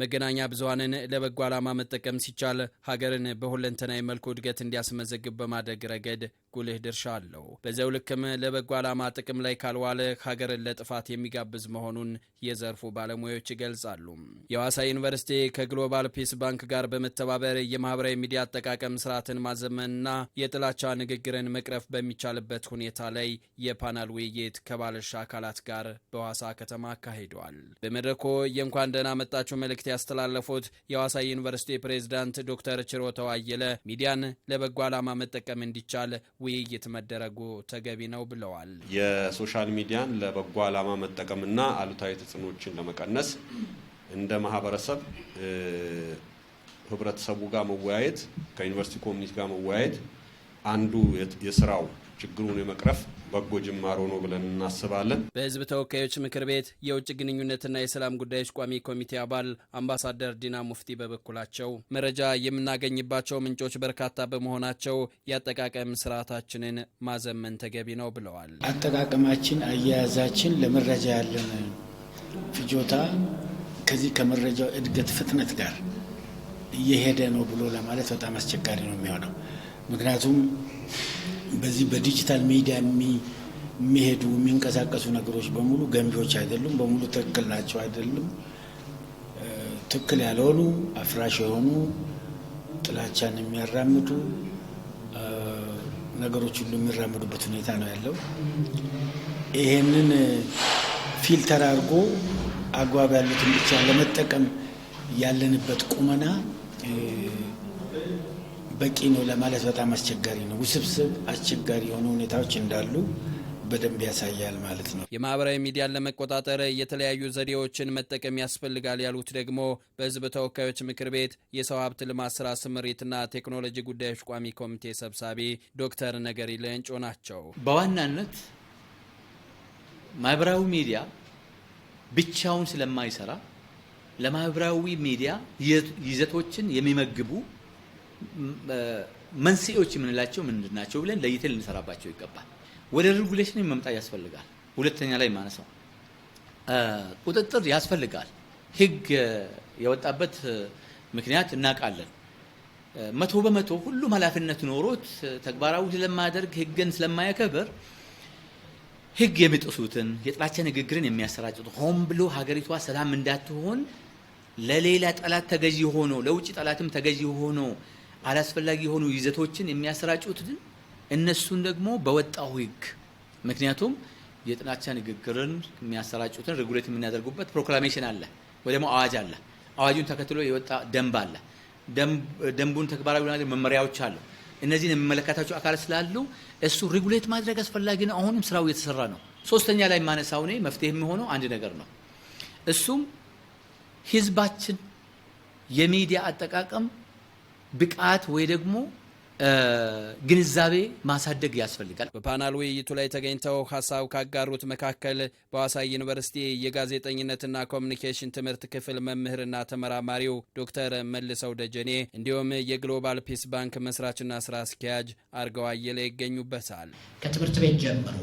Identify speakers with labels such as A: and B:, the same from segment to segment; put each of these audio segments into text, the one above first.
A: መገናኛ ብዙሃንን ለበጎ ዓላማ መጠቀም ሲቻል ሀገርን በሁለንተናዊ መልኩ እድገት እንዲያስመዘግብ በማድረግ ረገድ ጉልህ ድርሻ አለው። በዚያው ልክም ለበጎ ዓላማ ጥቅም ላይ ካልዋለ ሀገርን ለጥፋት የሚጋብዝ መሆኑን የዘርፉ ባለሙያዎች ይገልጻሉ። የዋሳ ዩኒቨርሲቲ ከግሎባል ፒስ ባንክ ጋር በመተባበር የማህበራዊ ሚዲያ አጠቃቀም ስርዓትን ማዘመንና የጥላቻ ንግግርን መቅረፍ በሚቻልበት ሁኔታ ላይ የፓናል ውይይት ከባለድርሻ አካላት ጋር በዋሳ ከተማ አካሂደዋል። በመድረኩ የእንኳን ደህና መጣችሁ መልእክት ያስተላለፉት የዋሳ ዩኒቨርሲቲ ፕሬዚዳንት ዶክተር ችሮተው አየለ ሚዲያን ለበጎ ዓላማ መጠቀም እንዲቻል ውይይት መደረጉ ተገቢ ነው ብለዋል።
B: የሶሻል ሚዲያን ለበጎ ዓላማ መጠቀምና አሉታዊ ተጽዕኖችን ለመቀነስ እንደ ማህበረሰብ ህብረተሰቡ ጋር መወያየት ከዩኒቨርሲቲ ኮሚኒቲ ጋር መወያየት አንዱ የስራው ችግሩን የመቅረፍ በጎ ጅማሮ ነው ብለን እናስባለን።
A: በህዝብ ተወካዮች ምክር ቤት የውጭ ግንኙነትና የሰላም ጉዳዮች ቋሚ ኮሚቴ አባል አምባሳደር ዲና ሙፍቲ በበኩላቸው መረጃ የምናገኝባቸው ምንጮች በርካታ በመሆናቸው የአጠቃቀም ስርዓታችንን ማዘመን ተገቢ ነው ብለዋል።
C: አጠቃቀማችን፣ አያያዛችን ለመረጃ ያለን ፍጆታ ከዚህ ከመረጃው እድገት ፍጥነት ጋር እየሄደ ነው ብሎ ለማለት በጣም አስቸጋሪ ነው የሚሆነው ምክንያቱም በዚህ በዲጂታል ሚዲያ የሚሄዱ የሚንቀሳቀሱ ነገሮች በሙሉ ገንቢዎች አይደሉም፣ በሙሉ ትክክል ናቸው አይደሉም። ትክክል ያልሆኑ አፍራሽ የሆኑ ጥላቻን የሚያራምዱ ነገሮች ሁሉ የሚራምዱበት ሁኔታ ነው ያለው። ይሄንን ፊልተር አድርጎ አግባብ ያሉትን ብቻ ለመጠቀም ያለንበት ቁመና በቂ ነው ለማለት በጣም አስቸጋሪ ነው። ውስብስብ አስቸጋሪ የሆኑ ሁኔታዎች እንዳሉ በደንብ ያሳያል ማለት ነው።
A: የማህበራዊ ሚዲያን ለመቆጣጠር የተለያዩ ዘዴዎችን መጠቀም ያስፈልጋል ያሉት ደግሞ በህዝብ ተወካዮች ምክር ቤት የሰው ሀብት ልማት ስራ ስምሪትና ቴክኖሎጂ ጉዳዮች ቋሚ ኮሚቴ ሰብሳቢ ዶክተር ነገሪ ለንጮ ናቸው።
D: በዋናነት ማህበራዊ ሚዲያ ብቻውን ስለማይሰራ ለማህበራዊ ሚዲያ ይዘቶችን የሚመግቡ መንስኤዎች የምንላቸው ምንድን ናቸው ብለን ለይተን ልንሰራባቸው ይገባል። ወደ ሬጉሌሽን መምጣት ያስፈልጋል። ሁለተኛ ላይ ማነሳው ቁጥጥር ያስፈልጋል። ህግ የወጣበት ምክንያት እናውቃለን። መቶ በመቶ ሁሉም ኃላፊነት ኖሮት ተግባራዊ ስለማያደርግ ህግን ስለማያከብር ህግ የሚጥሱትን የጥላቻ ንግግርን የሚያሰራጩት ሆን ብሎ ሀገሪቷ ሰላም እንዳትሆን ለሌላ ጠላት ተገዢ ሆኖ ለውጭ ጠላትም ተገዢ ሆኖ አላስፈላጊ የሆኑ ይዘቶችን የሚያሰራጩትን እነሱን ደግሞ በወጣው ህግ ምክንያቱም የጥላቻ ንግግርን የሚያሰራጩትን ሬጉሌት የምናደርጉበት ፕሮክላሜሽን አለ ወይ ደግሞ አዋጅ አለ። አዋጁን ተከትሎ የወጣ ደንብ አለ። ደንቡን ተግባራዊ ለማድረግ መመሪያዎች አሉ። እነዚህን የሚመለከታቸው አካል ስላሉ እሱ ሬጉሌት ማድረግ አስፈላጊ ነው። አሁንም ስራው እየተሰራ ነው። ሶስተኛ ላይ የማነሳው እኔ መፍትሄ የሚሆነው አንድ ነገር ነው። እሱም ህዝባችን የሚዲያ አጠቃቀም ብቃት ወይ ደግሞ ግንዛቤ ማሳደግ ያስፈልጋል።
A: በፓናል ውይይቱ ላይ ተገኝተው ሀሳብ ካጋሩት መካከል በሐዋሳ ዩኒቨርሲቲ የጋዜጠኝነትና ኮሚኒኬሽን ትምህርት ክፍል መምህርና ተመራማሪው ዶክተር መልሰው ደጀኔ እንዲሁም የግሎባል ፒስ ባንክ መስራችና ስራ አስኪያጅ አርገው አየለ ይገኙበታል።
E: ከትምህርት ቤት ጀምሮ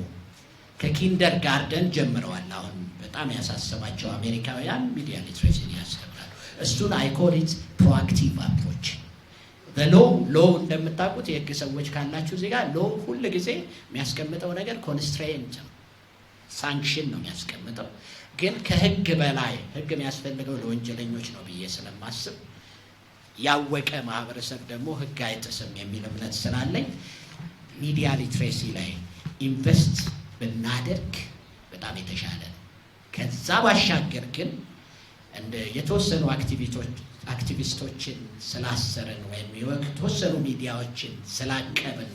E: ከኪንደር ጋርደን ጀምረዋል። አሁን በጣም ያሳሰባቸው አሜሪካውያን ሚዲያ ሊትሬሽን ያስተምራሉ። እሱን አይኮኒት ፕሮአክቲቭ አፕሮች በሎው ሎው እንደምታውቁት የህግ ሰዎች ካላችሁ እዚህ ጋር ሎው ሁል ጊዜ የሚያስቀምጠው ነገር ኮንስትሬንት ነው፣ ሳንክሽን ነው የሚያስቀምጠው። ግን ከህግ በላይ ህግ የሚያስፈልገው ለወንጀለኞች ነው ብዬ ስለማስብ ያወቀ ማህበረሰብ ደግሞ ህግ አይጥስም የሚል እምነት ስላለኝ ሚዲያ ሊትሬሲ ላይ ኢንቨስት ብናደርግ በጣም የተሻለ ነው። ከዛ ባሻገር ግን የተወሰኑ አክቲቪስቶችን ስላሰረን ወይም የተወሰኑ ሚዲያዎችን ስላቀብን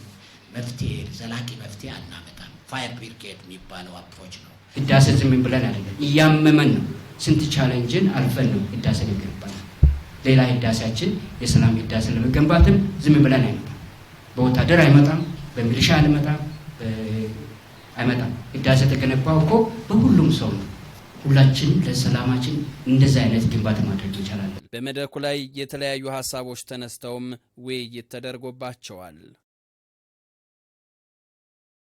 E: መፍትሄ ዘላቂ መፍትሄ አናመጣም። ፋየር ብሪጌድ የሚባለው አፕሮች ነው።
F: ህዳሴ ዝም ብለን አይደለም፣ እያመመን ነው። ስንት ቻለንጅን አልፈን ነው ህዳሴን የገነባነው። ሌላ ህዳሴያችን የሰላም ህዳሴ ለመገንባትም ዝም ብለን አይመጣም። በወታደር አይመጣም፣ በሚሊሻ አይመጣም አይመጣም። ህዳሴ የተገነባው እኮ በሁሉም ሰው ነው። ሁላችን ለሰላማችን እንደዚህ አይነት ግንባታ ማድረግ እንችላለን።
A: በመድረኩ ላይ የተለያዩ ሀሳቦች ተነስተውም ውይይት ተደርጎባቸዋል።